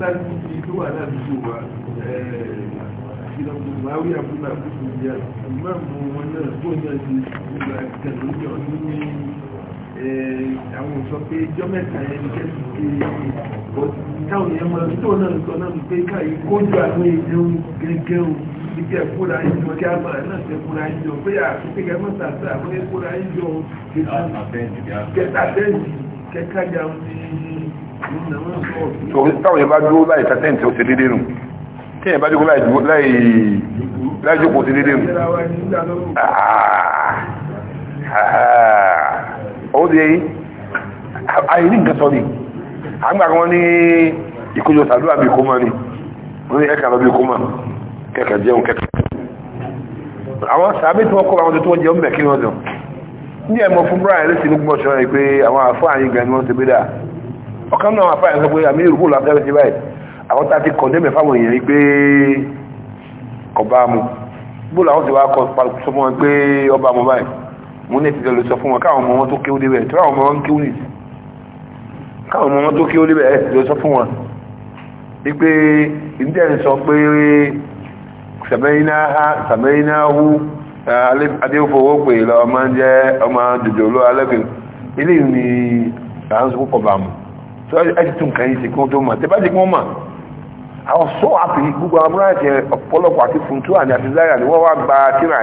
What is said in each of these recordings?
láti fi tó wà náà dúró wa ìlọ́gbọ̀nmáwí àbúrò àbúrò ìyá ìmáàmù wọn náà tó náà ti gbogbo àtẹ̀lóyè ọdún ní àwọn sọ pé ijọ́ mẹ́ta yẹn jẹ́ ti pé káwọn yẹn máa tó náà sọ náà pé káyí kójú àwọn èèyàn gẹ́gẹ́ o ìgbẹ́ fúra ìjọ kí a máa náà tẹ fúra ìjọ pé àtúntẹ̀kẹ́ mọ́ta sí àwọn ẹ̀fúra ìjọ kẹta bẹ́ẹ̀jì kẹta bẹ́ẹ̀jì kẹta jà ń fi táwọn yẹn bá dúró láì tẹ́tẹ́ǹtì ó ti dédé nù tí yẹn bá dúró láì jókòó ti dédé nù ó di èyí àìrí nǹkan sọ ni àgbà kan ní ìkójọ sàdúrà bí kó mọ́ ni wọ́n ní ẹ̀ka lọ bí kó mọ́ kẹ́kẹ́ jẹun kẹ́kẹ́ àwọn sàbí tí wọ́n kọ́ àwọn tó tó jẹun bẹ̀ kí wọ́n jọ ní ẹ̀mọ̀ fún brian lẹ́sìn ní gbọ́ṣọ́ rẹ̀ pé àwọn àfọ́ àyíká ni wọ́n ti bí dáa ọ̀kan náà afáyà sọ pé àmì ìrùkú làbẹ́rẹ́ sí báyìí àwọn tá a ti kọ̀ndé mẹ́fà wọ̀nyí yẹn pé ọba mu bó làwọn ti wá kọ sọ fún wọn pé ọba mu báyìí mo ní ti lọ sọ fún wọn káwọn ọmọ wọn tó kéwú débẹ̀ tí káwọn ọmọ wọn kéwú nìyí káwọn ọmọ wọn tó kéwú débẹ̀ ẹ̀ ti sọ fún wọn wípé ìdílé ń sọ pé sàmẹ́yìnà ha sàmẹ́yìnà hu adéfowó pè lọ ọmọ jẹ́ ọmọ dòdò lọ alẹ́ ilé ìní à ń sọ púpọ̀ bàmù so ẹ̀jẹ̀ tún kàn yín sí kí tó mọ̀ tẹ́ bá jẹ́ kí mọ̀ I so happy gbogbo àwọn múra jẹ ọ̀pọ̀lọpọ̀ àti funtu àti àti zaria ni wọ́n wá gba tíra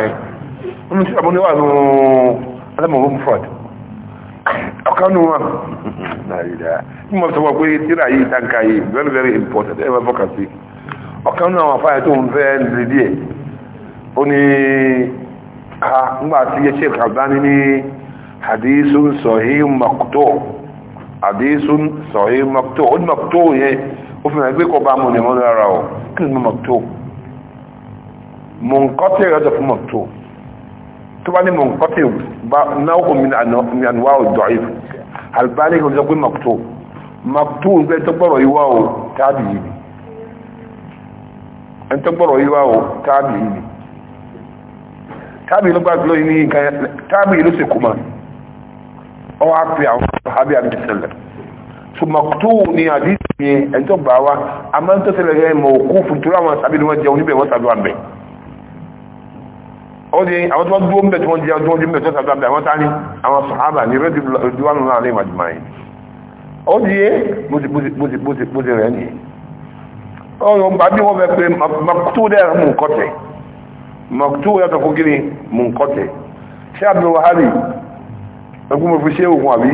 tanka yìí very very important ẹ̀ sí nù àwọn afáyà tó ń fẹ́ lè díẹ̀ ó ní ńgbà ah, tí àdéhùn sọ̀yí mọ̀tò ó ní mọ̀tò yẹ ó fi hàn pé kọ́ bá mọ̀ ní mọ́ lára ọ̀ kí ni mọ̀tò mọ̀nkọ́tẹ̀ rẹ̀ dọ̀ fún mọ̀tò tó bá ní mọ̀nkọ́tẹ̀ náà kò mi ànúwà ò dọ̀ ìfù albani kò sọ pé mọ̀tò mọ̀tò ń gbẹ́ tọ́gbọ̀rọ̀ yíwá o tábì yìí ẹni tọ́gbọ̀rọ̀ yìí tábì ló gbàgbọ́ yìí ní tábì ọwọ́ apẹ àwọn abẹ àbí sẹlẹ sọmọkútó ní àdìsí yẹn ẹjọ́ gbà wá a máa ń tọ́ sẹlẹ̀ yẹn mọ̀ òkú fùtúrú àwọn sábẹ́ ni wọ́n jẹun níbẹ̀ wọ́n sàdúrà bẹ̀ ó ní àwọn tó wọ́n dúró ń bẹ̀ tí wọ́n jẹun tó wọ́n jẹun bẹ̀ tó sàdúrà bẹ̀ àwọn tá ní àwọn sàhábà ní rẹ́dí ìdúwánu náà lè wájú máa yẹn ó di yé bóti rẹ̀ nìyẹn ó yọ gbà bí wọ́n fẹ́ pé mọ̀kútó dẹ̀ mú nkọ́tẹ̀ mọ̀kútó yàtọ̀ fún kí ni mú nkọ́tẹ̀ ṣé àbúrò ẹkún mo fi ṣe òkun àbí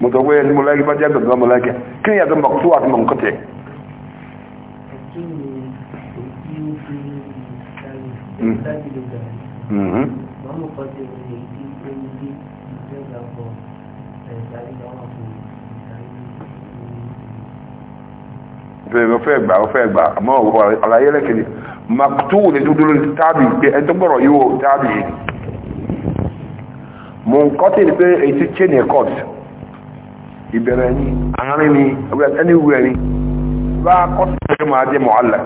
mo tọ́ pé ẹni mo láyé bá jẹ́ àgbàdo mo láyé kí ni yàtọ̀ mọ̀kútó àti mọ̀kútẹ̀. Mm-hmm. bẹ́ẹ̀ o fẹ́ gbà o fẹ́ gbà àmọ́ àlàyé lẹ́kẹ̀lẹ́ mọ̀kútó lè dúdú lórí tábìlì pé ẹni tó gbọ́rọ̀ yóò tábìlì yìí mo ń kọ́ tí ní pé èyí tí chain ẹ̀ cut ìbẹ̀rẹ̀ ni àárín ni ẹni wú ẹni bá kọ́ sí ẹ̀rọ máa jẹ́ mu'allaq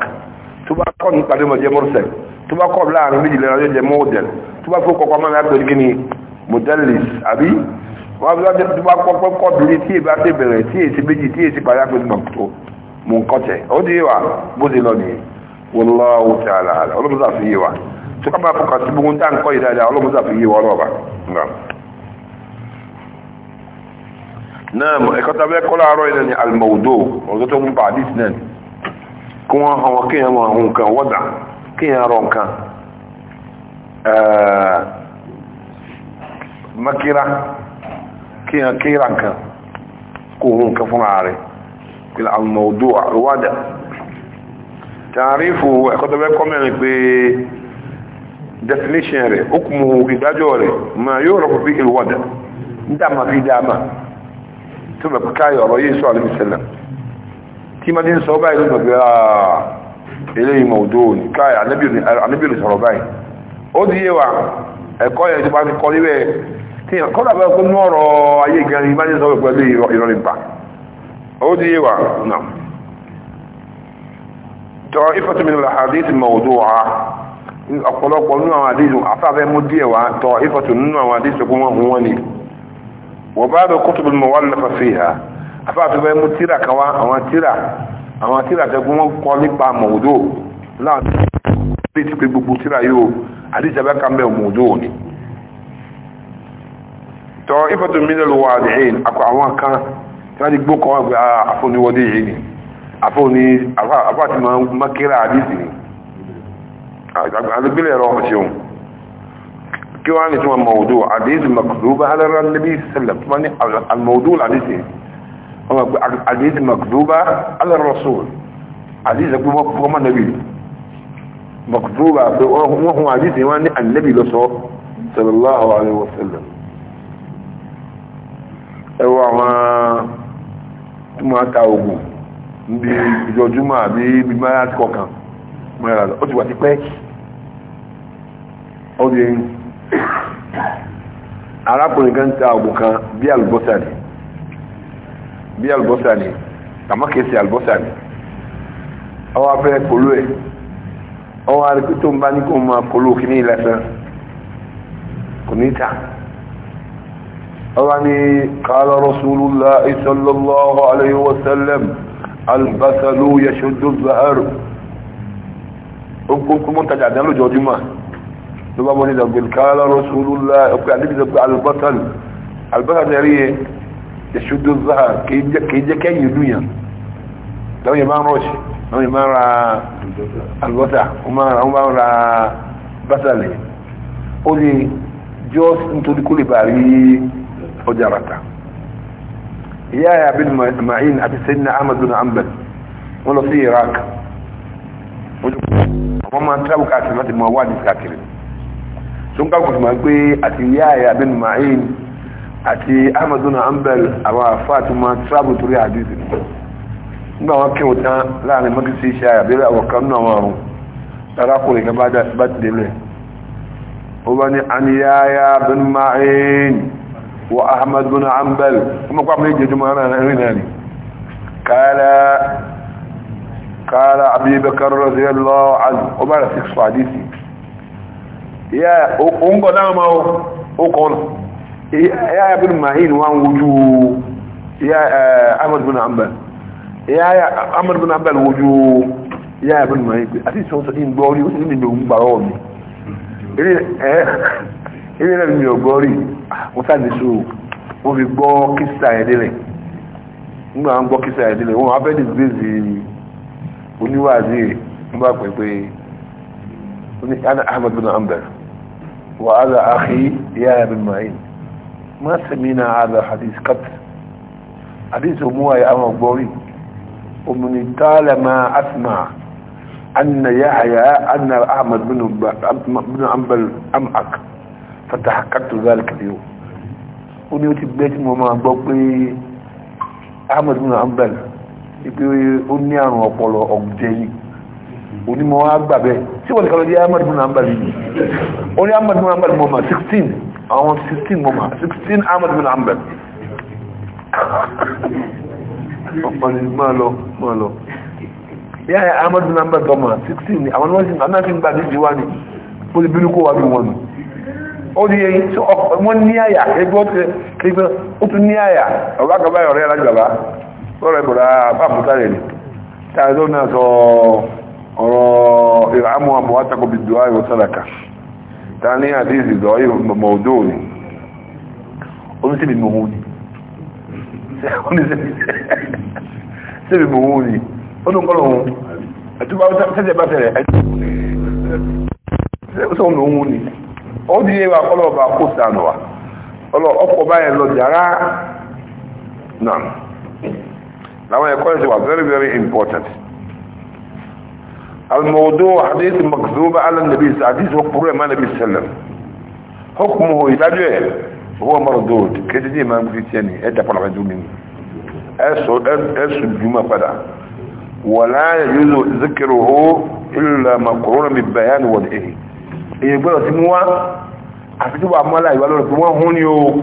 tó bá kọ́ nípa ló máa jẹ́ mursal tó bá kọ́ láàrin méjì lẹ́nu ọjọ́ jẹ́ mu'dal tó bá fún kọ́kọ́ máa ń pè kí ni mudallis àbí wọ́n bí wọ́n tó bá kọ́ pé kọ́ bí tí èyí bá ti bẹ̀rẹ̀ tí èyí ti méjì tí èyí ti parí àpè mo ń kọ́ tẹ̀ ó di wa bó ti lọ nìyẹn wallahu ta'ala ọlọ́mọdé àfihàn náà ẹ̀kọ́ tàbí ẹ̀kọ́ láàárọ̀ ilẹ̀ ni almaudo ọ̀dọ́ tó ń bá àdís náà kí wọ́n àwọn kíyàn wọn àwọn nǹkan wọ́dà kíyàn rọ nǹkan makira kíyàn kíra nǹkan kó hun nǹkan fún ààrẹ pẹ̀lú almaudo àrùwádà tààrífù ẹ̀kọ́ tàbí ẹ̀kọ́ mẹ́rin pé definition rẹ̀ okùnmù ìdájọ́ rẹ̀ ma yóò rọ̀ pípé ìlúwọ́dà ń dá ma fi dá ma tó bẹ̀ pẹ́ káyọ̀ ọ̀rọ̀ yéṣu alẹ́mìsẹ́lẹ̀ tí ma ti ń sọ báyìí tó bẹ̀ ah, eléyìí mọ̀ òdó ní káyọ̀ anábìrì sọ̀rọ̀ báyìí ó di yé wa ẹ̀kọ́ yẹn tó bá ti kọ́ níbẹ̀ tí kọ́dà bẹ́ẹ̀ kó nú ọ̀rọ̀ ayé ìgbẹ́rin ma ti sọ من الأحاديث أقول لك ونوع حديث أصابه مدية وطائفة من حديث وبعض الكتب المؤلفة فيها أفعت بها متيرة كوا أو تيرة أو تيرة تقوم قولي موضوع لا تبقى بطيرة يو حديث بك عن موضوع طائفة من الوادعين أكو عوان كان كان يقبوك أفوني وديعين أفوني أفاتي ما كيرا حديثي أعجب أنا بلي روح شيئون كيوان اسمه موضوع حديث مكذوب على النبي صلى الله عليه وسلم الموضوع الحديث حديث مكذوبة على الرسول حديث أبو مكذوبة النبي مكذوبة وهو حديث يوان النبي لصور صلى الله عليه وسلم ẹwà wọn tí wọ́n ta ogun níbi ìjọjúmọ́ àbí ibi mẹ́rà kọ̀ọ̀kan mẹ́rà lọ ó ti wà ti pẹ́ ó di ẹ̀yìn arákùnrin kan ta ọgbọ̀n kan bí àlùbọ́sà ni bí àlùbọ́sà ni àmọ́kèsì àlùbọ́sà ni ọwọ́ afẹ́ polú ẹ̀ ọwọ́ arìkú tó ń bá ní kó máa polú kí ní ìlẹ́sẹ̀ kò ní ta ọwọ́ ni qala rasulullah sallallahu alayhi lọ́ba mọ́ ní ìdàgbé kálá rọ́ṣúlùlá ọ̀pẹ́ àdébìsọ̀pẹ́ albatan albatan rí ẹ ìṣúdó záà kìí jẹ́ kẹ́yìn ìlú yàn láwọn yẹn máa ń rọ́ṣì láwọn yẹn máa ń ra albata wọ́n máa ń ra bátàlẹ̀ ó lè jọ́ nítorí kó lè bá rí ọjà rata ìyá ya bin ma'in àti sẹ́yìn ahmadu na ambal wọ́n lọ sí iraq wọ́n máa ń tábù káàkiri láti mọ wádìí káàkiri sun kakwa su magbe àti yaya bin ma'in àti ahmadu na ambel àwọn fatima travel torí hadisi nígbà wọn kí wọn tán láàrin mọ́kísí iṣẹ́ àbẹ́rẹ́ àwọ̀kan náà wọn rùn tarakùnrin kan bá ti délẹ̀ ó bá ní an yaya bin ma'in wa ahmadu na ambel kuma kwa mai jẹjọ mara na rí ni kala kala abubakar radiyallahu anhu ó bá da six hadisi ya òun kọ̀ dáhùn máa ya ya bin mahin ya eh, ahmad bin ambal ya ya ahmad bin ambal ya ya bin mahin àti so in gbọ́rí ó sì ní ìgbẹ̀rún gbàrọ̀ mi ilé rẹ̀ mi ò eh, gbọ́rí ah, mo sáà ní sóò wọ́n fi gbọ́ kísà ẹ̀dẹ́rẹ̀ nígbà wọn gbọ́ kísà ẹ̀dẹ́rẹ̀ wọn afẹ́ dìgbèzì oníwàzí rẹ̀ nígbà pẹ̀pẹ̀ ahmad bin ambal وعلى أخي يا بن معين ما سمينا هذا الحديث قط حديث هو يا أم بوري ومن طالما أسمع أن يحيى أن أحمد بن بن أنبل أمعك فتحققت ذلك اليوم ونيوتي بيت ماما بوبي أحمد بن أنبل يقول أني أنا أقول أبديني onímọ̀ agbàbẹ̀ tí wọ́n ti kàlọ́ di ahmed bin ambali ó ní ahmed bin 16 àwọn 16 mọ̀mà 16 ahmed bin ambali ọ̀pọ̀lẹ̀ máa lọ máa lọ yá ya ahmed bin ambali tọ́mà 16 ni àwọn wọ́n ti gbà ní ìjíwá ni ó ti bínú kó wà bí wọn ó di èyí tí wọ́n ní àyà ẹgbẹ́ ó tún ní àyà ọ̀rọ̀ àgbàbá ọ̀rẹ́ alájọba ọ̀rẹ́ bọ̀rọ̀ àbábùtà rẹ̀ ni tààzọ́ náà sọ ارعموا امواتكم بالدعاء والصدقه ثاني حديث دعاء موضوعي قلت بالمهوني سيب المهوني قلت لهم اتبقى تجي بقى ترى سيب المهوني ó di ewa ọlọ́ọ̀bà kó sànù wa ọkọ̀ báyẹn lọ jàrá very very important الموضوع حديث مكذوب على النبي حديث وقبره ما النبي صلى الله عليه وسلم حكمه يدعوه هو مردود كده ما ما مكريتياني ايه تفعل عزولين اسود اسود جمع فدا ولا يجوز ذكره الا مقرون بالبيان والإيه ايه يقول سموا عفتوا عمالا يقولوا سموا هوني يقولوا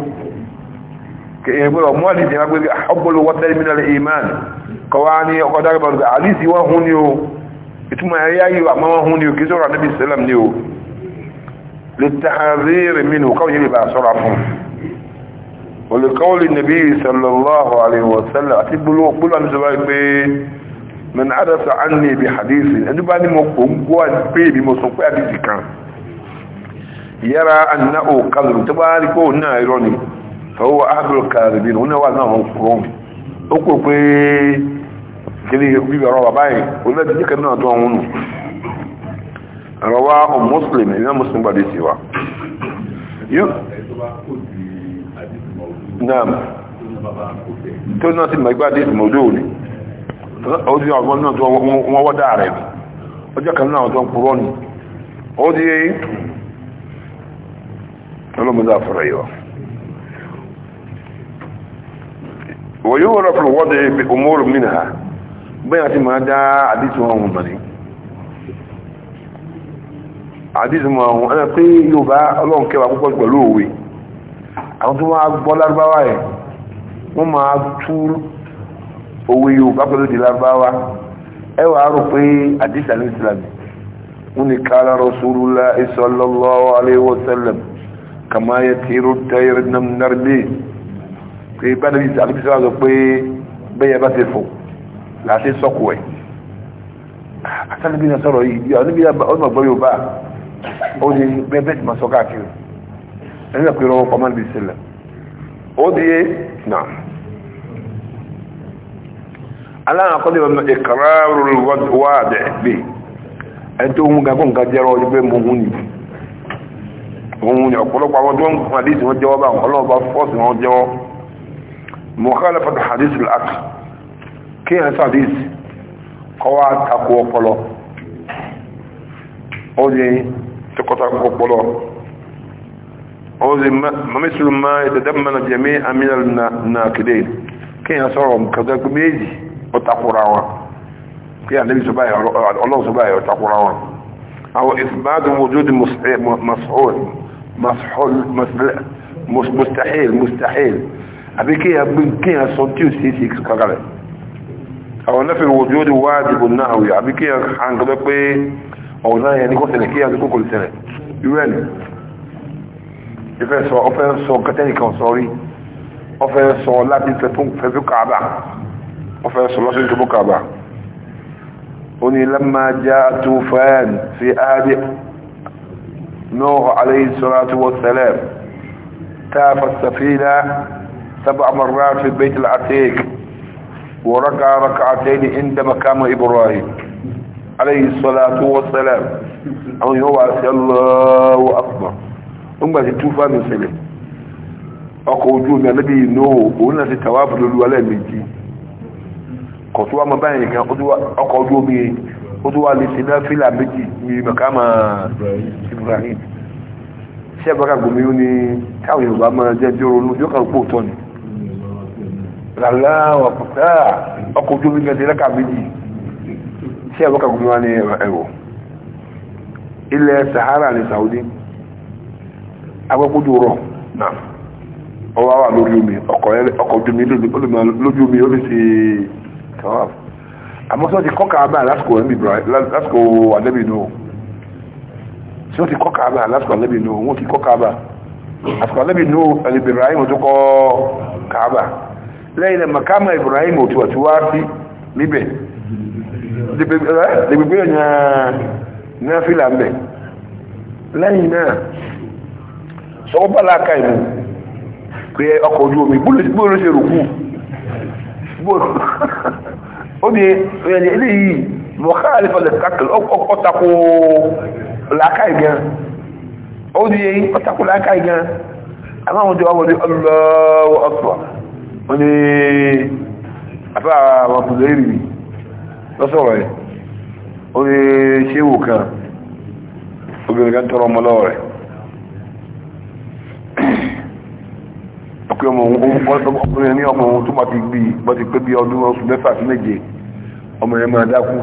إيه موالي دي ما يقول حب الوطن من الإيمان قواني وقد أكبر عليسي وهوني ìtumọ̀ ẹ̀yà yíò àmọ́wọ́n hún ní o kí sọ́rọ̀ ànábì sẹ́lẹ̀m ní o lè tàhàzírì mínú káwọn yìí bá sọ́rọ̀ fún olùkọ́wọ́lì nàbí sallallahu alaihi wa sallam àti gbólóhùn àmìsọ́lá pé mẹ́nà àdásà á ní ibi hadisi ẹni bá ní mo kò ń gbọ́ pé ibi mo sọ ó kò pé kiri bí ọ̀rọ̀ bàbá yìí olóòtú jíkẹ náà tó ọ̀hún nù ọ̀rọ̀ wa ọ̀ mùsùlùmí iná mùsùlùmí gbàdé sí wa. naam tó náà sì mẹ́gbà dé ìsìnmọ̀ ojú òní ó di ọ̀gbọ́n náà tó wọ́n wọ́dá rẹ̀ ọjọ́ kan náà tó ń purọ́ ni ó di ọlọ́mọdé àfọ̀rọ̀ yìí wa. ويعرف الوضع بأمور منها bẹ́yà ti máa dá àdísù ọ̀hún bàní àdísù ọ̀hún ẹ̀rẹ́ pé yóò bá ọlọ́run kẹwàá púpọ̀ pẹ̀lú òwe àwọn tó máa gbọ́ lárúbáwá ẹ̀ wọ́n máa tú òwe yóò bá pẹ̀lú di lárúbáwá ẹ wà á rò pé àdísù àlẹ́ islam wọ́n ni kára rasulullah sallallahu alaihi wa sallam kàmá yẹ tìrú tẹ́yẹrẹ nàmdàrdé pé pé bá láti sọ́kù ẹ̀ àtàlẹ́bí náà sọ̀rọ̀ yìí níbi ọdún ọgbọ́n yóò bá ó ní bẹ́ẹ̀ tí ma sọ káàkiri ẹni náà pèrọ ọkọ̀ máa ń bí sílẹ̀ ó di yé náà aláàkọ́lẹ̀ ọmọ ìkàràrù wáàdẹ̀ gbé ẹni tó hun gagbọ́n nǹkan jẹ́rọ ọdún pé mo hun ni òun ni ọ̀pọ̀lọpọ̀ àwọn tó ń kún àdísì wọn jẹ́wọ́ bá ọlọ́ọ̀bá fọ́ọ̀sì wọn jẹ́wọ́ mọ̀kálẹ̀ fọ́tà kí ẹ̀ sàdíìsì kọwa takò ọpọlọ ó di tẹkọta ọpọlọ ó di mọ́mísìlú ma ìdẹ̀dẹ́mọ̀nà jẹ́mí àmìnà nàkìdé kí ẹ̀ sọ̀rọ̀ kẹgbẹ́ méjì ó takòra wọn kí ànẹ́bí ọlọ́run sọ báyìí ó takòra wọn àwọn ìsìnbádùn wujúdi mas'ul mustahil mustahil àbí kí ẹ̀ sọ tí او نفي الوجود واجب النهوي يعني كي عن قبل ايه او لا يعني كل سنه كي يكون كل سنه يوان يفسر اوفر سو كتاني كان سوري اوفر سو لا تنفتون في كعبه اوفر سو لا تنفتون كعبه وني لما جاء طوفان في عهد نوح عليه الصلاه والسلام تاف السفينه سبع مرات في البيت العتيق وركع ركعتين عند مقام إبراهيم عليه الصلاة والسلام أو هو الله أكبر ثم تتوفى من سلم ọkọ̀ ojú omi alẹ́bí inú òun náà ti tàwà pẹ̀lú alẹ́mìjì kọ̀ tó wá mọ́ báyìí nìkan ọkọ̀ ojú omi ó tó wá lè ṣe náà fílà méjì ní mọ̀kámà Ibrahim ṣẹ́gbọ́kàgbòmí ó ní káwọn Yorùbá mọ́ jẹ́ jẹ́ ronú yóò kàrùpọ̀ tọ́ ni lálá wà pàtà ọkọ̀ ojú omi gẹ̀ẹ́sì lẹ́ka méjì sí àbúkà gómìnà ní ẹ̀wọ̀ ilẹ̀ Sahara ní Saudi agbẹ́kójú rọ̀ náà ọwọ́ wà lórí omi ọkọ̀ ojú omi lójú omi ó lè ṣe tawaf àmọ́ ti kọ́kà abá lásìkò àdẹ́bì nù sọ ti kọ́kà abá lásìkò àdẹ́bì nù wọ́n ti kọ́kà abá àsìkò àdẹ́bì nù ẹ̀lẹ́bẹ̀rẹ̀ ayé wọn kọ́ kàábà lẹ́yìn makama ibrahim òtù àti wá sí níbẹ̀ lẹ́gbẹ̀gbẹ̀ yẹn náà fílà ń bẹ̀ lẹ́yìn náà sọ́wọ́ bá láàká ìmú pé ọkọ̀ ojú omi bóòlù ṣe rùkú ó ní ẹni eléyìí mọ̀ká àlefàlẹ̀ kàkìlì ọ̀tàkù láàká ìgán ó ní ẹyí ọ̀tàkù láàká ìgán àwọn ọmọdé ọmọdé ọlọ́wọ́ ọ̀tọ̀ wọ́n ní àwọn ọkùnrin èrì lọ́sọ̀rọ̀ ẹ̀ ó ní kan obìnrin kan tọrọ ọmọ lọ́wọ́ rẹ̀ ọkùnrin ọmọ ọkùnrin ní ọmọ ohun tó bá ti gbí bọ́ ti pé bí ọdún oṣù mẹ́fà sí méje ọmọ rẹ̀ máa dákú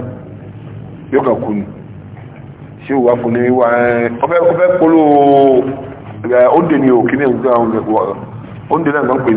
yóò kàn kú ni ṣéwù wá fún ní wà ọfẹ́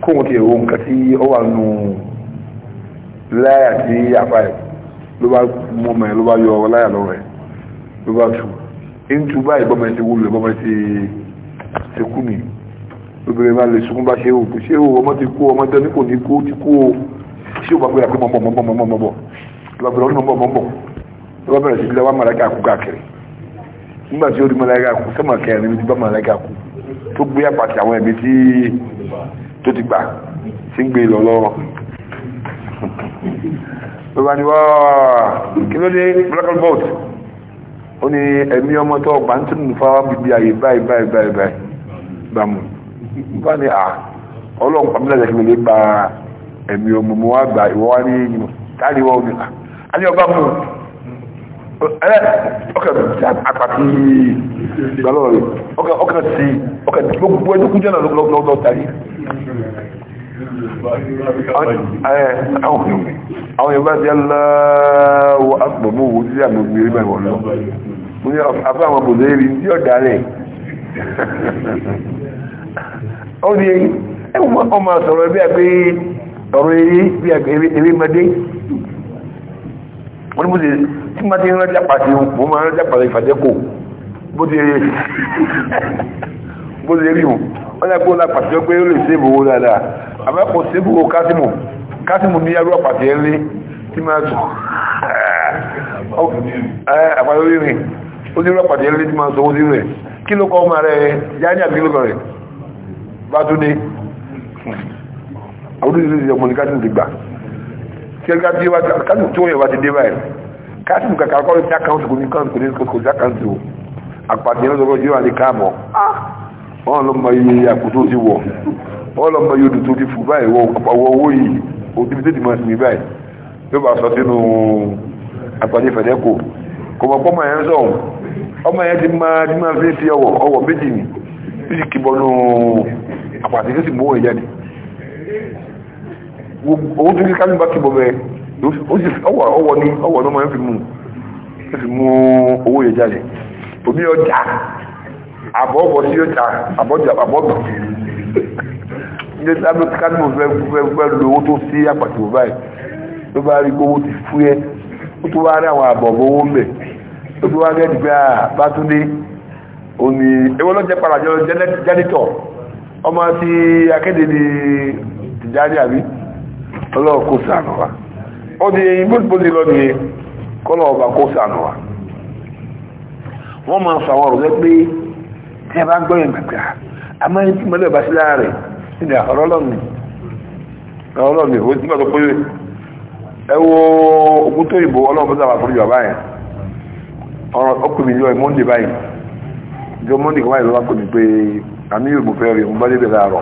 kóhun ti èrò nǹkan tí ó wà nù láyà tí àfa ẹ̀ ló bá mú ọmọ ẹ̀ ló bá yọ ọ láyà lọ́rọ̀ ẹ̀ ló bá tù ń tu báyìí bọ́mọ ẹ̀ ti wúlò bọ́mọ ẹ̀ ti ti kú nì obìnrin máa lè sunkún bá ṣe òkú ṣé o ọmọ ti kú ọmọ tẹ ní kò ní kú ti kú o ṣé o bá gbéra pé mọ̀mọ̀ mọ̀mọ̀ mọ̀mọ̀ mọ̀mọ̀ lọ́bẹ̀rẹ̀ ọdún mọ̀mọ̀ ló bá bẹ̀rẹ̀ sí ilé wa màláìka kú káàkiri nígbà tí ó di màláìka kú sọ́mọ̀ kẹrin ti bá màláìka kú tó gbé àpàtì àwọn ẹ̀mí tí tó ti gbà sí gbé lọ lọ́wọ́ ló bá ní wá kí ló dé blackal bolt ó ní ẹ̀mí ọmọ tó ọgbà ń tún fáwọn bíbí ayé báyìí báyìí báyìí báyìí bámu bá ní à ọlọ́run pàmílẹ̀ ìjẹ̀kí lè gba ẹ̀mí ọmọ mọ́ wá gba ìwọ́ wá ní ìyìnbó táàrí wọ́n ní à ní ọba mú ẹ̀rẹ́ ọkẹ̀ àpàtì ìgbàlọ́rẹ̀ ọkẹ̀ sí ọkẹ̀ gbogbo ẹ̀dùkú jẹ́ náà lọ́tàrí àwọn yorùbá ti aláwọ̀ àpòmọ̀ owó tí a gbogbo eré báyìí wọ́n lọ mo ní afẹ́ àwọn bòdó eré tí ọ̀dà rẹ̀ ó ní ẹ̀wọ̀n ọmọ sọ̀rọ̀ bí i pé ọ̀rọ̀ eré bí i eré mẹ́dé wọ́n ní mo ti tí ma ti rájá pàtí mo máa rájá pàtí ìfàjẹ́kò bó ti rí bó ti rí wọn wọ́n yẹ kó la pàṣẹ pé ó lè sèbò owó dáadáa àbẹ́kò sèbò owó kásìmù kásìmù ní ẹrú àpàṣẹ ńlé tí máa sọ àpàṣẹ orí rìn ó ní ẹrú àpàṣẹ ńlé tí máa sọ orí rẹ̀ kí ló kọ́ ọmọ rẹ̀ yáni àbí ló kọ́ rẹ̀ bá tún dé àwọn olùdíje ìjọba ní kásìmù ti gbà tí ẹgbẹ́ tí wá kásìmù tí wọ́n yẹ wá ti dé báyìí kásìmù kàkà kọ́ ló ti àkáǹtì kò ní kọ́ àpàṣẹ ńlé wọ́n lọ mọ iye àpò tó ti wọ̀ wọ́n lọ mọ iye odò tó ti fù báyìí wọ ọwọ́ owó yìí òdìbí tó ti mọ̀ sí báyìí tó bá sọ sínú àpàdé fẹ̀dẹ́kò kò mọ̀ pọ́mọ yẹn sọ̀ ọmọ yẹn ti máa ti máa fi fi ọwọ́ ọwọ́ méjì ní bíi kìbọnú àpàtì tó mú òun jáde owó tó ní ká nígbà kìbọ bẹ ọwọ́ ní ọwọ́ ní ọmọ yẹn fi mú owó yẹn jáde òmí ọjà àbọ̀bọ̀ tí yóò ta àbọ̀jọ àbọ̀bọ̀ ní sábẹ́ kánú fẹ́ fẹ́ lo owó tó sí àpàtì òbá ẹ̀ ló bá rí owó ti fú ẹ́ ó tó wá rí àwọn àbọ̀bọ̀ owó mẹ́ ó tó wá gẹ́gẹ́ pé àbátúndé òní ewé lọ́jẹ́ parajọ́ jẹ́nẹ́tọ̀ ọmọ ti akéde ní tìjáde àbí ọlọ́ọ̀kó sànù wa ó di eyín bó ti lọ nìyẹn kọ́lọ̀ ọba kó sànù wa wọ́n máa sàwọn ọ̀rọ̀ pé tí a bá gbọ́ yẹn gbàgbà a máa ń tí mọ́lẹ̀ bá sí láàrẹ̀ nínú ọ̀rọ̀ lọ́nà ọ̀rọ̀ lọ́nà ó ti gbàgbọ́ pé ẹ wo ogun tó ìbò ọlọ́run bọ́sà wà fún ìjọ báyìí ọ̀rọ̀ ọkùnrin ìjọ ìmọ̀ndé báyìí ìjọ mọ́ndé kan báyìí ló wá pè mí pé àmì yóò fẹ́ rí òun bá débẹ̀ láàárọ̀ ló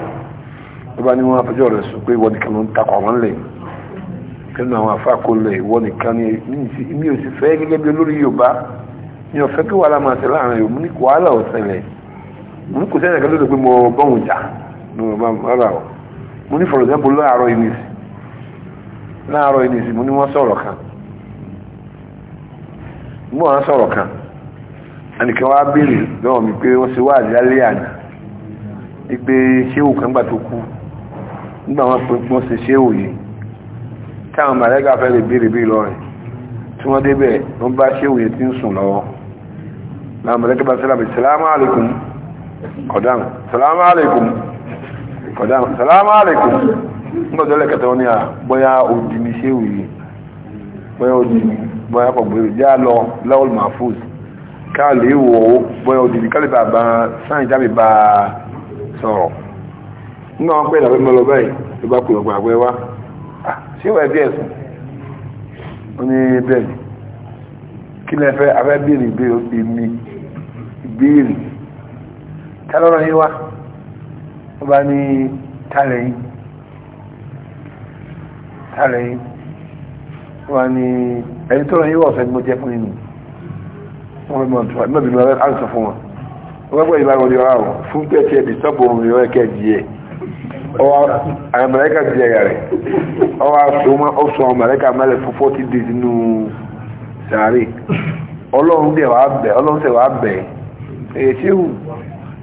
mo kò sẹ́yìn kẹ́lẹ́ pé mo bọ́hùn jà mo bá ara ọ̀ mo ní for example láàárọ̀ ìnísì láàárọ̀ ìnísì mo ní wọ́n sọ̀rọ̀ kan mo wọ́n sọ̀rọ̀ kan ẹnìkan wá béèrè lọ́wọ́ mi pé wọ́n ṣe wá àjálẹ́ àná wípé ṣéwù kan gbà tó kú nígbà wọn pé wọ́n ṣe ṣéwù yìí táwọn màlẹ́gà fẹ́ lè béèrè bí lọ́rìn tí wọ́n débẹ̀ wọ́n bá ṣéwù yìí ti ń sùn lọ́wọ́ làwọn màlẹ́gà bá sẹ́lá bẹ̀ sẹ́lá máa lókun kọ̀dáàmù salamu alaikum kọ̀dáàmù salamu alaikum nígbàtọ́lẹ̀ kẹta wọn ni à bọ́yá òdì mi ṣe wùyí bọ́yá òdì mi bọ́yá pọ̀gbẹ̀rẹ̀ já lọ lawal mahfuz káàlì wò ó bọ́yá òdì mi kálí bàbá sáyìn jábì bá sọ̀rọ̀ nígbà wọn pẹ́ ìdàgbẹ́ mọ́ lọ báyìí ló bá kúrò gbàgbẹ́ wá ah, ṣé wà bí ẹ̀sùn ó ní bẹ́ẹ̀ kí lẹ fẹ́ afẹ́ bíìrì bíìrì tàlọ́rọ̀ yí wá ó bá ní tàlẹ̀yìn tàlẹ̀yìn ó bá ní ẹni tó rọ̀ yí wọ́ ọ̀fẹ́ gbọ́ jẹ́ fún inú wọ́n fẹ́ mọ̀ tó wà mẹ́bìnrin rẹ̀ àrùsọ fún wọn ó gbẹ́gbẹ́ ìbá wọn yọra wọn fún pẹ́ẹ́tì ẹbí sọ́bù òun yọ ẹ̀kẹ́ jì ẹ̀ ọwọ́ àwọn mẹ̀lẹ́kà ti ẹ̀yà rẹ̀ ọwọ́ àṣọmọ ọ̀ṣọ́ àwọn mẹ̀lẹ́kà mẹ́lẹ̀ fún forty days nínú sàárè ọlọ́run dẹ̀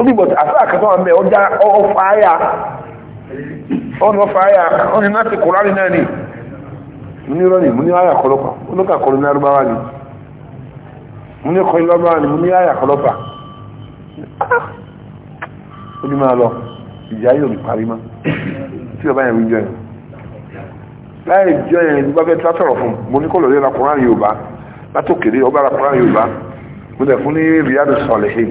obi bọ̀ àfẹ́ àkàtọ́ àmì ọjà ọfàáyà ọ̀nà ọfàáyà ọ̀nà náà ti kùránì náà ni mo ní rọ́ọ̀nì mo ní àyà kọlọ́pà olókà kọlọ́ ní arúgbáwá ni mo ní kọ́ ilọ́gbà ni mo ní àyà kọlọ́pà ó ní máa lọ ìjà yóò ní parí mọ́ tí ọba yẹn rí jọ yẹn láì jọ yẹn ní gbàgbé tí wọ́n sọ̀rọ̀ fún mo ní kọlọ́ lẹ́ra kùránì Yorùbá látòkèrè ọba ra kùránì Yorùbá mo dẹ̀ fún ní Riyadu Salihin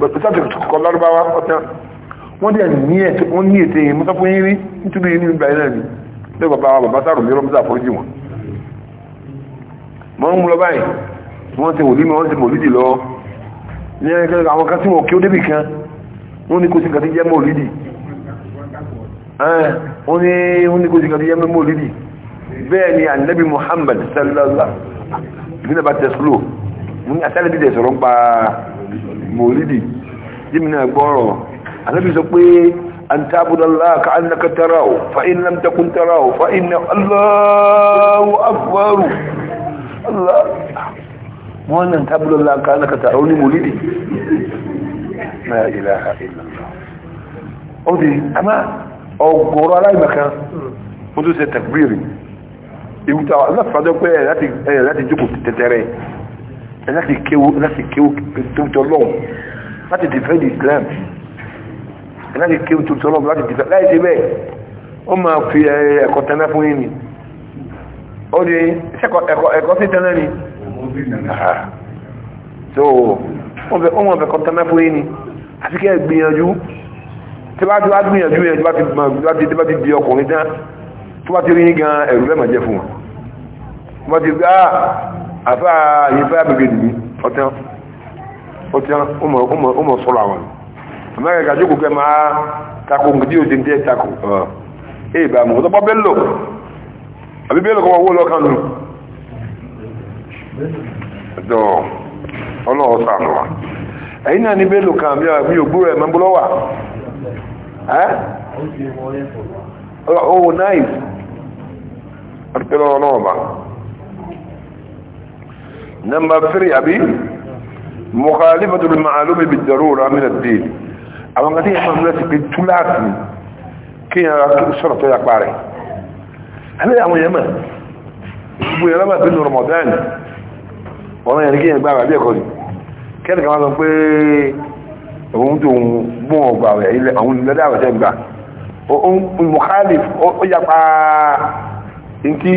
pẹ̀tàtì kọ lárúbáwá ọ̀tẹ́ wọ́n dẹ̀ ní ẹ̀ tí wọ́n ní ètè yìí mọ́sá fún yín rí nítorí inú ìgbà ilẹ̀ mi lẹ́ bàbá wa bàbá sáró mi rọ́mọ́sá àforíjì wọn mọ́ ń mú lọ báyìí wọ́n ti wòlí mi wọ́n ti mòlídì lọ ní ẹgbẹ́ àwọn kan tí wọ́n kí ó débì kan wọ́n ní kò sí kan tí jẹ́ mòlídì wọ́n ní kò sí kan tí jẹ́ mòlídì bẹ́ẹ̀ ni annabi Muhammad sallallahu alaihi wasallam ìgbìnàbà tẹ̀sùlò ní àtàlẹ́bí tẹ̀sùrọ̀ ń pa mòlídì jimina gbọ́rọ̀ anábì sọ pé an tábùdọ́lá ka an naka tara o fa in takun tara o fa in na allahu akbaru allah wannan tábùdọ́lá ka an naka tara o ni mòlídì la ilaha illallah ó di àmá ọgọ̀rọ̀ aláìmọ̀kan ó tó ṣe tàgbìrì ìwúta aláfàájọ́ pé ẹ̀ láti jókòó tẹ́tẹ́rẹ́ láti kéwú láti kéwú tó tọ́lọ́wọ́ láti defend Islam láti kéwú tó tọ́lọ́wọ́ láti defend láì ṣe bẹ́ẹ̀ ó máa fi ẹ̀kọ́ tẹ́lẹ̀ fún yìí ni ó ní ẹ̀kọ́ sí tẹ́lẹ̀ ni so ó mọ̀ ẹ̀kọ́ tẹ́lẹ̀ fún yìí ni àti kẹ́ gbìyànjú tí bá ti wá gbìyànjú yẹn tí bá ti di ọkùnrin tán tó bá ti rí ní gan ẹ̀rù lẹ́mọ̀ jẹ́ fún wọn àfá àyíká àbẹ̀bẹ̀ nìyí ọ̀tẹ́ ọ̀tẹ́ ọmọ sọ́rọ̀ àwọn amẹ́ríkà jókòó kẹ máa takò nìdí òjò ní takò ẹ̀ bá ọ ọ̀tọ́pọ̀ bẹ́ẹ̀ lọ sa bẹ́ẹ̀ ọ kọ́ owó lọ́kàn nù ẹ̀dọ̀ ọlọ́wọ́ sàánù wa ẹ̀yìn náà ní bẹ́ẹ̀ lọ kàn bí ògbó rẹ̀ mọ́ ba. نمبر 3 أبي مخالفة المعلوم بالضرورة من الدين أما قد يحصل الناس بالتلات كي يكون شرط يا قاري هل يا أمو يما أبو يما بن رمضان وانا يرجي يبقى بعد يقول كان كما قال بي òun tó ń gbọ́n ọgbà rẹ̀ ilẹ̀ àwọn ìlẹ́dà rẹ̀ tẹ́gbà òun mùkálif ó yapa ní kí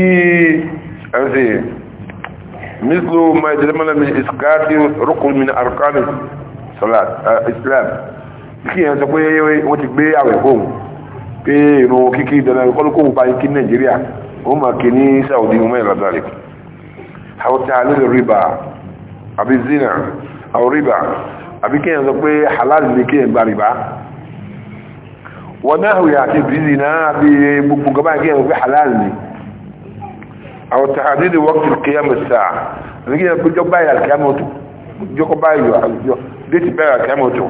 ẹ̀rẹ́sì مثل ما يتضمن من إسقاط ركن من أركان الصلاة الإسلام kí ẹ̀ sọ pé wọ́n ti gbé àwẹ̀ fóun pé ìrùn kíkí ìdáná ìkọlùkùn bá ikí Nàìjíríà ó ma kí ní Saudi ọmọ ìlàdàrí àwọ̀tá nílò ríbà àbí zina àwọ̀ ríbà àbí kí ẹ̀ sọ pé halal ní kí ẹ̀ gba ríbà wọ́n náà hùyà àti bí zina àbí gbogbo gaba kí ẹ̀ sọ pé halal ní أو تحديد وقت القيام الساعة نجي نقول جو بايع القيام وتو جو بايع ديت بايع القيام وتو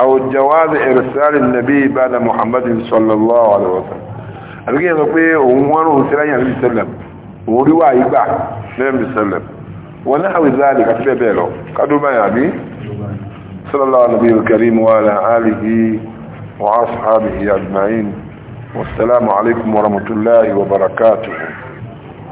أو جواز إرسال النبي بعد محمد صلى الله عليه وسلم نجي نقول عمر حسين النبي صلى الله عليه وسلم وروا يبع النبي صلى الله عليه وسلم ونحو ذلك في بيلو قدوا ما يعني صلى الله على النبي الكريم وعلى آله وأصحابه أجمعين والسلام عليكم ورحمة الله وبركاته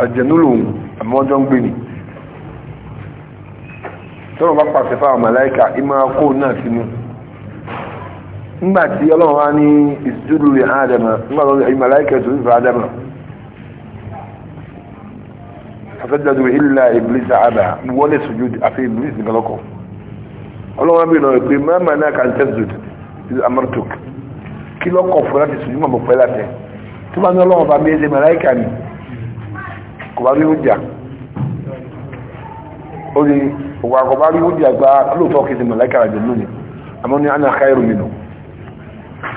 àjẹ̀nú lòun àmọ́jọ́ ń gbé ni tọ́rọ bá pàṣẹ fáwọn màláìkà ìmọ̀ akó náà sínú nígbàtí ọlọ́run wá ní ìsúdúrú rẹ̀ ádámà nígbàtí màláìkà tó ń fa ádámà àfẹ́jáde ilá ìbílísì àbà wọlé sojú àfi ìbílísì nìkanlọ́kọ̀ ọlọ́run wá bí lọ pé mẹ́mà náà kà ń tẹ́sùt amọ́tòk kí lọ́kọ̀ fún láti sojú mọ̀ pẹ́ láti tó bá ní ọlọ́run bá mi ẹ̀ kò bá rí oúnjẹ ó ní òwà kò bá rí oúnjẹ gba lóòótọ́ kìí mọ̀láìkà àjọ lónìí àmọ́ ní ana khairu minhu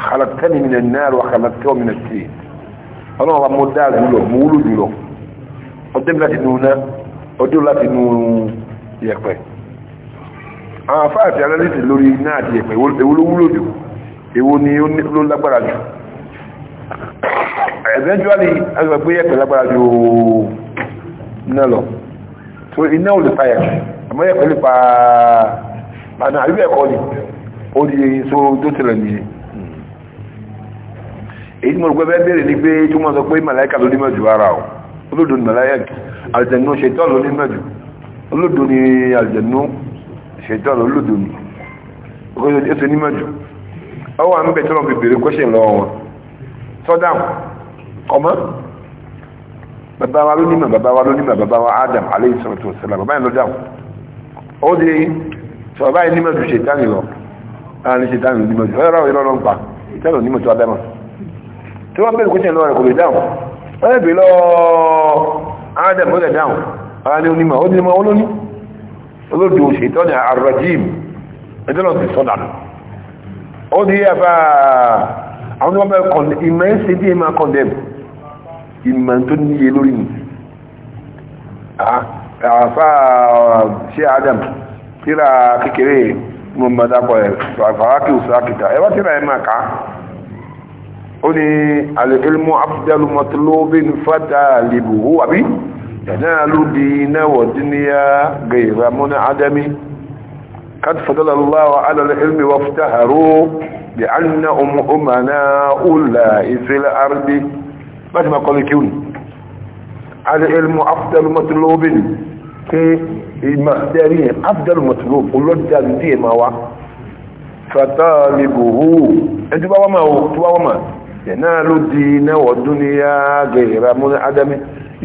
khalaqtani minan nar wa khalaqtahu minat tin ọlọ́run wa mo dáa jùlọ mo wúlò jùlọ ọdún mi láti nu ná ọdún láti nu yẹ̀pẹ̀ àwọn afáàtì alẹ́lẹ́sì lórí iná àti yẹ̀pẹ̀ èwo ló wúlò jù èwo ni ó lágbára jù eventually agbègbè yẹ̀pẹ̀ lágbára jù ooo iná lọ tó iná ò lè pa ẹ̀kọ́ àmọ́ ẹ̀kọ́ lè pa àná àbí ẹ̀kọ́ ni ó di so tó tẹ̀lẹ̀ nìyẹn èyí tí mo rò pé bẹ́ẹ̀ bẹ̀rẹ̀ ni pé tí wọ́n sọ pé màláìka ló ní ara o olódò ní màláìka àlùjẹ̀nu ṣètọ́ọ̀lù ló ní olódò ní àlùjẹ̀nu ṣètọ́ọ̀lù olódò ní ọkọ̀ ètò ní ọwọ́ à ń bẹ̀ kọ́ṣẹ̀ lọ́wọ́ wọn sọ́dà ọmọ bàbá wa ló nímọ̀ bàbá wa ló nímọ̀ bàbá wa adam alayhi salatu wasalam bàbá yẹn lọ dáhùn ó di sọ bàbá yẹn nímọ̀ ju ṣètánì lọ àwọn ṣètánì nímọ̀ ju ọ̀rọ̀ ìrọ̀ lọ ń pa ìtẹ́lọ̀ nímọ̀ tó adámọ̀ tí wọ́n bẹ̀rẹ̀ kúṣẹ̀ lọ́rẹ̀ kò lè dáhùn wọ́n lè bè lọ adam ó lè dáhùn ìmọ̀ tó níye lórí ni àfá ṣe adam tíra kékeré mọ̀ mọ̀dápọ̀ ẹ̀ fàwákì òsàkìtà ẹwà tíra ẹ máa ká ó ní alẹ́gbẹ̀lmọ́ abdulmatlobin fata libuhu àbí yanalu dinawa duniya gaira muna adami قد láti máa kọlu kíwù alẹ́lmọ́ afdal matulobin pé ìmọ̀ dẹ́rí yẹn afdal matulob olóòjá ní díẹ̀ máa wá fatalibuhu ẹjú bá wọ́n máa tó wá wọ́n máa yẹ̀nà ló di náà ọdún ní àgbẹ̀yẹ̀rẹ̀ amúnà adami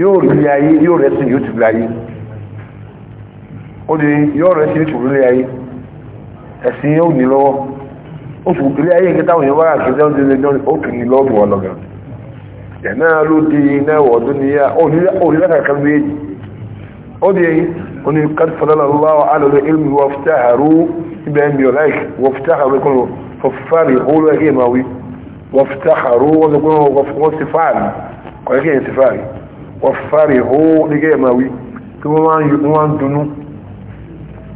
yóò rí ayé yóò rẹ̀ sí yóò ti ayé ó di yóò rẹ̀ sí yóò ti ayé ẹ̀sìn yóò ní lọ́wọ́ tẹ̀náàlú di iná wọ̀dún ní yá onílákàkà méjì ó di ẹ̀yìn oní kàtàlọ́lọ́wọ́ alọ́lọ́ ilmi wọ́ftáharú ibẹ̀ mi ọ̀láìk wọ́ftáharú kọ́lọ̀ fọ́fáàrí olú ẹgbẹ́ ìmàwí wọ́ftáharú wọ́n ti fáàrí ọ̀rẹ́kẹ́ ti fáàrí wọ́fáàrí olú ẹgbẹ́ ìmàwí tí wọ́n dunú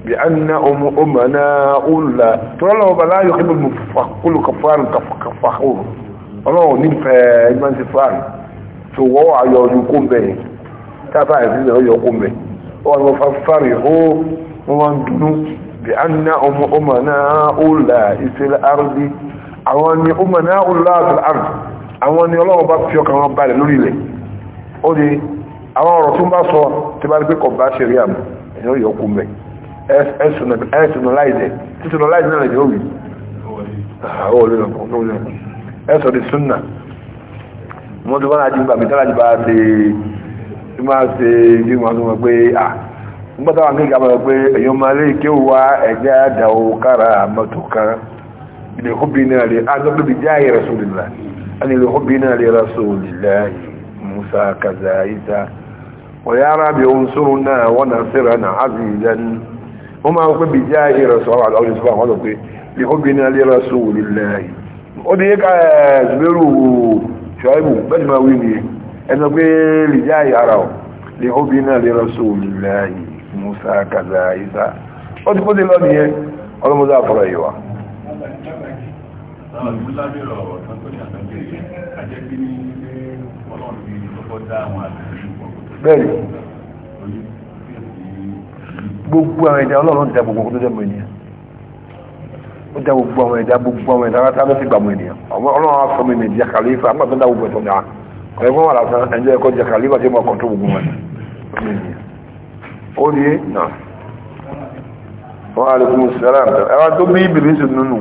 bí anna ọmọ um, ọmọ náà ó la tọ́lọ́wọ́ bá láyọ̀ kí ọlọ́run nífẹ̀ẹ́ ẹgbẹ́ ti fáàrí tó wọ́ ayọ̀ ọdún kó ń bẹ̀ yìí tábà ẹ̀sìn ọyọ̀ kó ń bẹ̀ wọ́n lọ fa fáàrí ó wọ́n dúnú bí a ní ọmọ ọmọ náà ó là ìṣẹ̀lẹ̀ àrùbí àwọn ni ọmọ náà ó là ìṣẹ̀lẹ̀ àrùbí àwọn ni ọlọ́run bá fi ọkàn wọn balẹ̀ lórí ilẹ̀ ó di àwọn náà ẹ̀sọ̀ di súnà wọ́n ti wọ́n láti gbà mí tọ́lájú bá ṣe tí máa ṣe bí wọ́n tó wọ́n pé à ń gbọ́ta wà ní ìgbàmọ̀ pé èyàn máa lè kí ó wá ẹ̀já àdáwò kára àmọ́tò kan ilẹ̀ ìkóbi náà lè ágbẹ́bí jáì rasulillah ẹni ilẹ̀ ìkóbi ó di yíká ẹ̀ zubairu ṣọ́ìbù bẹ́ẹ̀ ma wí ni ẹnu pé lè já ìyára ọ̀ lè ó bí náà lè rọ́sọ olùlẹ́yìn musa kaza isa ó ti kóde lọ nìyẹn ọlọ́mọdé àfọ́rọ̀ yìí wa. bẹ́ẹ̀ni gbogbo àwọn ẹ̀dá ọlọ́run tẹ gbogbo kó tó jẹ́ mọ́ ènìyàn ó dá gbogbo àwọn ẹ̀dá gbogbo àwọn ẹ̀dá rárá lọ́sí gbàmù ènìyàn ọlọ́run á sọ mi ní ìjà kàlífà nígbà tó dá gbogbo ẹ̀tọ́ ní a ọ̀rẹ́ fún wàrà sàn ẹ̀jẹ̀ ẹ̀kọ́ ìjà kàlífà tí mo kàn tó gbogbo wọn ó ní nà wọ́n á lè fún mi sílẹ̀ rẹ̀ ẹ̀wá tó bí ìbìrì sí nínú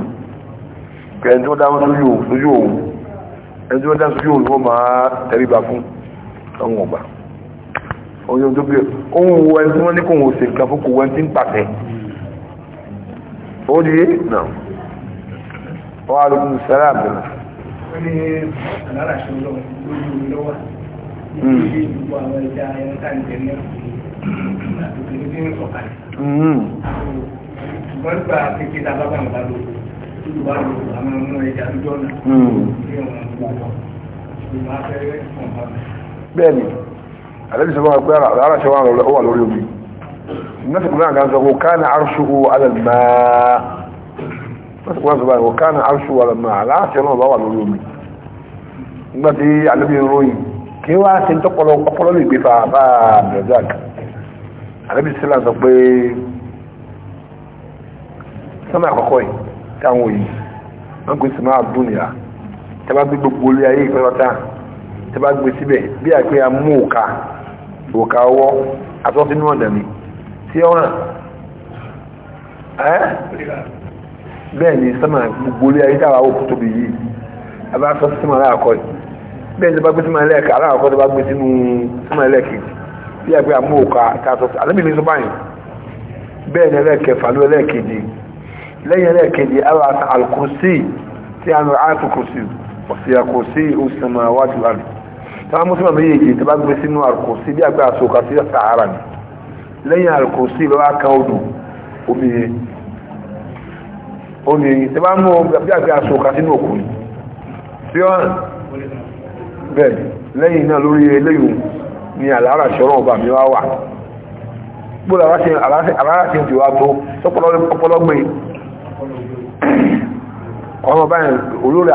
kẹ́ni tó dá sójú òun ẹni tó dá sójú òun ló máa tẹríba fún ọmọ ọba oyún tó òun ẹni tí wọ́n ní kò wọ́n ṣe nǹkan fún kò wọ́n ti ń ó ní nà wa alaikum salam àbẹ̀rẹ̀. wọ́n ní àlàrà ṣe lọ lójú omi lọ́wọ́ nítorí hmm. gbogbo àwọn ẹja ẹran tá à ń jẹ ní àtòkè ní bí ń sọ̀kalẹ̀. Hmm. ṣùgbọ́n nípa kékeré tá a bá bá ń bá lò lójú wa lò àwọn ọmọ ẹja lójú ọ̀nà hmm. ní ọ̀nà bẹ́ẹ̀ni alẹ́bí sọ fún pé ara ṣe wà lórí omi náà sì kúrò sọ kó ká ní arṣu alẹ́ máa wọ́n sọ báyìí wọ̀ká ní arṣù wà lọ́mọ aláṣẹ náà bá wà lórí omi nígbà tí alẹ́bí ròyìn kí wá sí tọ́pọ̀lọ ọpọlọ lè gbé fàáfà abdulrazak alẹ́bí sílá sọ pé sọ́nà àkọ́kọ́ yìí táwọn yìí wọ́n gbé sọ́nà àdúnìyà tẹ́bá gbé gbogbo ilé ayé ìpẹ́lọ́ta tẹ́bá gbé síbẹ̀ bí àpé a òkà òkà ọwọ́ atọ́sínú ọ̀dà mi tí ọ̀ràn bẹ́ẹ̀ ni sọ́mà gbogbo orí ayé dáwà òkú tóbi yìí a bá sọ sọ́mà aláàkọ́ bẹ́ẹ̀ ni bá gbé sọ́mà aláàkọ́ aláàkọ́ tó bá gbé sínú sọ́mà aláàkọ́ tí a gbé àmú òkà tààtọ̀ alábìnrin sọ báyìí bẹ́ẹ̀ ni aláàkẹfà ló aláàkejì lẹ́yìn aláàkejì aláà alkùsí tí a lọ àtùkùsí ọ̀sẹ̀ àkùsí òsìnmà wájú àlù táwọn mùsùlùmí méjèèjì tó bá gbé sínú alkùsí bí àgbà àsòkà sí sàárà ni lẹ́yìn alkùsí omi olè yìí tẹ́ bá mú bí àti àṣòkà sínú òkú ni tí ó bẹ́ẹ̀ lẹ́yìn náà lórí eléyìí ni àlàárà ṣọ́rọ̀ ọba mi wá wà gbọ́dọ̀ àlàárà ṣe ń jù wá tó ọpọlọgbìn ọmọ báyìí olórí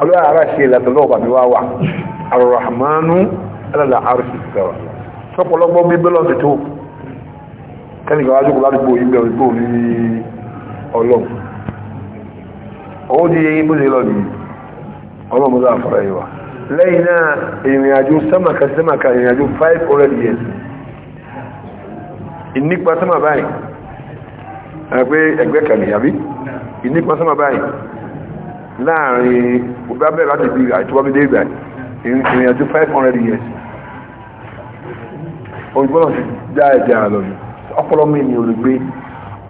àlàárà ṣe ìlàtọ̀ lọ́ọ̀bà mi wá wà àrọ̀ràmánú alàlà àrùsì sọ̀rọ̀ sọpọlọgbọ́ bí bẹ́lọ̀ ti tó kẹ́nìkan wájú kò ládùúgbò yìí ọlọ́run ó di yẹyí bó ṣe lọ nìyí ọlọ́mọdé àfọ́rọ̀ yìí wa lẹ́yìn náà ìrìnàjò sẹ́màkà sẹ́màkà ìrìnàjò 500 years ìnípa sẹ́mà báyìí ẹgbẹ́ ẹgbẹ́ kẹ̀lẹ̀ yàbí ìnípa sẹ́mà báyìí láàrin ọgbà bẹ̀rẹ̀ láti bí àìtúwábídé ìgbà ìrìnàjò 500 years olùgbọ́nà ti dá ẹ̀jẹ̀ àlọ́ ọpọlọmọ ènìyàn olùgbé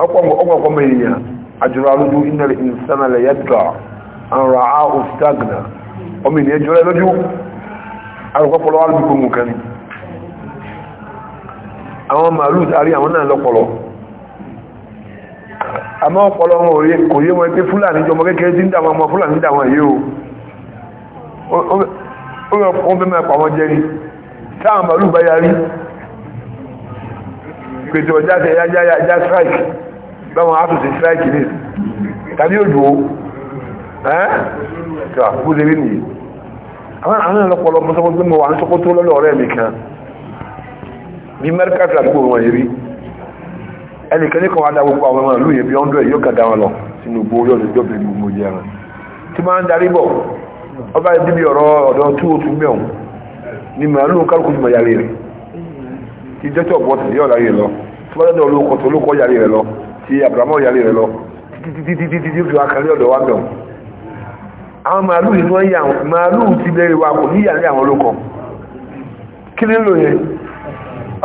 ọpọlọmọ ènìyàn àjùràlójú iná ìsànà lè yẹ́dùkà àrà áhù stagna ọmọ ènìyàn jọ lójú arùpọ̀pọ̀lọ́ wà lójú gbogbo kan àwọn màálù tàrí àwọn náà lọ́pọ̀lọ́ àmọ́ ọpọlọ wọn kò yé wọn pé fúlàní jọmọ kékeré tí ń dà wọn ọmọ fúlàní dà wọn yìí o báwọn áfíìsì strike ní tàbí òjò ẹ́ kà kú ṣe rí nìyí àwọn àwọn ọlọ́pọ̀lọ́ mọ́sọ́kọ́ tí mo wà ní sọ́kọ́tọ́ lọ́lọ́ ọ̀rẹ́ mi kan bí mẹ́ríkà tí àdúgbò wọn yìí rí ẹnìkan ní kan wá dá gbogbo àwọn ọmọ ìlú yẹn bí ọ́ndọ̀ yóò kàdá wọn lọ sínú gbó yóò lè jọ́bẹ̀ ní gbogbo jẹ́ wọn tí máa ti abrahamu yàrá rẹ lọ títítítítí fi wá kálí ọ̀dọ̀ wa bẹ̀ wọn. àwọn màálù yìí wọ́n yà wọn màálù ti bẹ̀rẹ̀ wa kò ní yàrá àwọn olókọ kí ni lò yẹn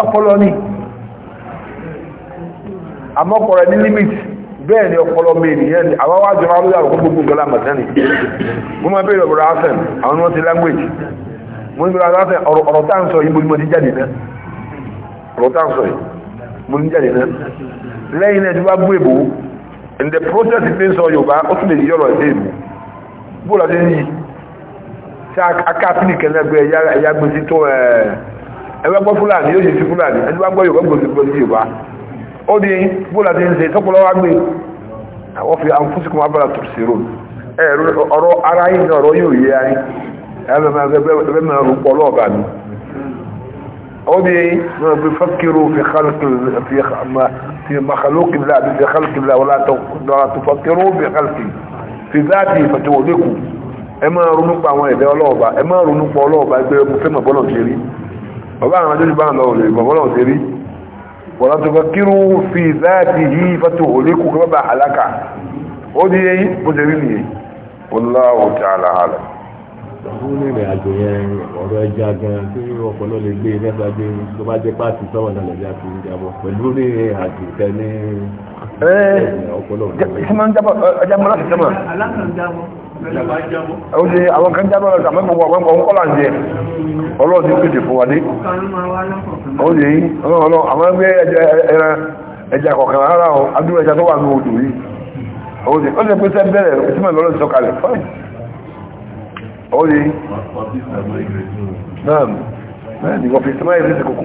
ọpọlọ ni àmọ́ ọpọlọ ní límìtì bẹ́ẹ̀ ni ọpọlọ mi ènìyàn ni àwọn wájú wọn lóyà àwọn gbogbo gbọ́lá màtánì mo máa bẹ̀rẹ̀ ọ̀rọ̀ afẹ́m àwọn ni wọ́n ti language mo ní bẹ̀rẹ̀ afẹ́m ọ̀rọ̀ tá à ń sọ yìí mo ní mo ti jáde náà ọ̀rọ̀ tá à ń sọ yìí mo ní jáde náà lẹ́yìn náà tí wọ́n bú èbò in the process ti ń sọ yorùbá ó tún lè yí ọ̀rọ̀ bóòlù ọdún yìí tí akáàpìlì kẹlẹ́gbẹ́ ẹ̀yà gbèsè tó ẹ̀wẹ́ gbọ́ fúlàní yóò ṣe sí fúlàní ẹni wọ́n gbọ́ yorùbá gbèsè gbèsè yorùbá ó ní bóòlù ọdún ṣe tọ́pọ̀lọ́ wá gbé àwọn fi àǹfùsùkùn abala tó ṣe هم بيفكروا في خلق في في مخلوق الله في خلق الله ولا تفكروا في خلقي في ذاتي فتوليكو اما رنوك باوان يدي اولوبا اما رنوك باولوبا يدي مفهم بولون سيري بابا انا جوجي بان باولي بولون سيري ولا تفكروا في ذاته فتوليكو كما بحلاكا هم بيفكروا في ذاته والله تعالى عالم òun ní ìrìn àjò yẹn ọ̀rọ̀ ẹja gan tí ọpọlọ lè gbé mẹ́ta gbé tó bá jẹ́ páàtì sọ́wọ́n náà lẹ́yìn àti ìjábọ̀ pẹ̀lú ní àjò tẹ ní ọpọlọ ó ṣe àwọn kan jábọ̀ ọ̀sán mẹ́fọ̀ wọn kọ́ ńkọ́lá ń jẹ ọlọ́ọ̀ ti pèsè fún wa dé ó ṣe yí ọlọ́ọ̀ àwọn ẹgbẹ́ ẹran ẹja kọ̀ọ̀kan rárá o adúlọ̀ ẹja tó wà ní odò yìí ó ṣe pé sẹ́ bẹ̀rẹ̀ ìtumọ̀ lọ́lọ́ ìsọ̀kalẹ̀ fáìn ó não, náà ní wọ́n fi sẹ́máyé rí sí kòkó.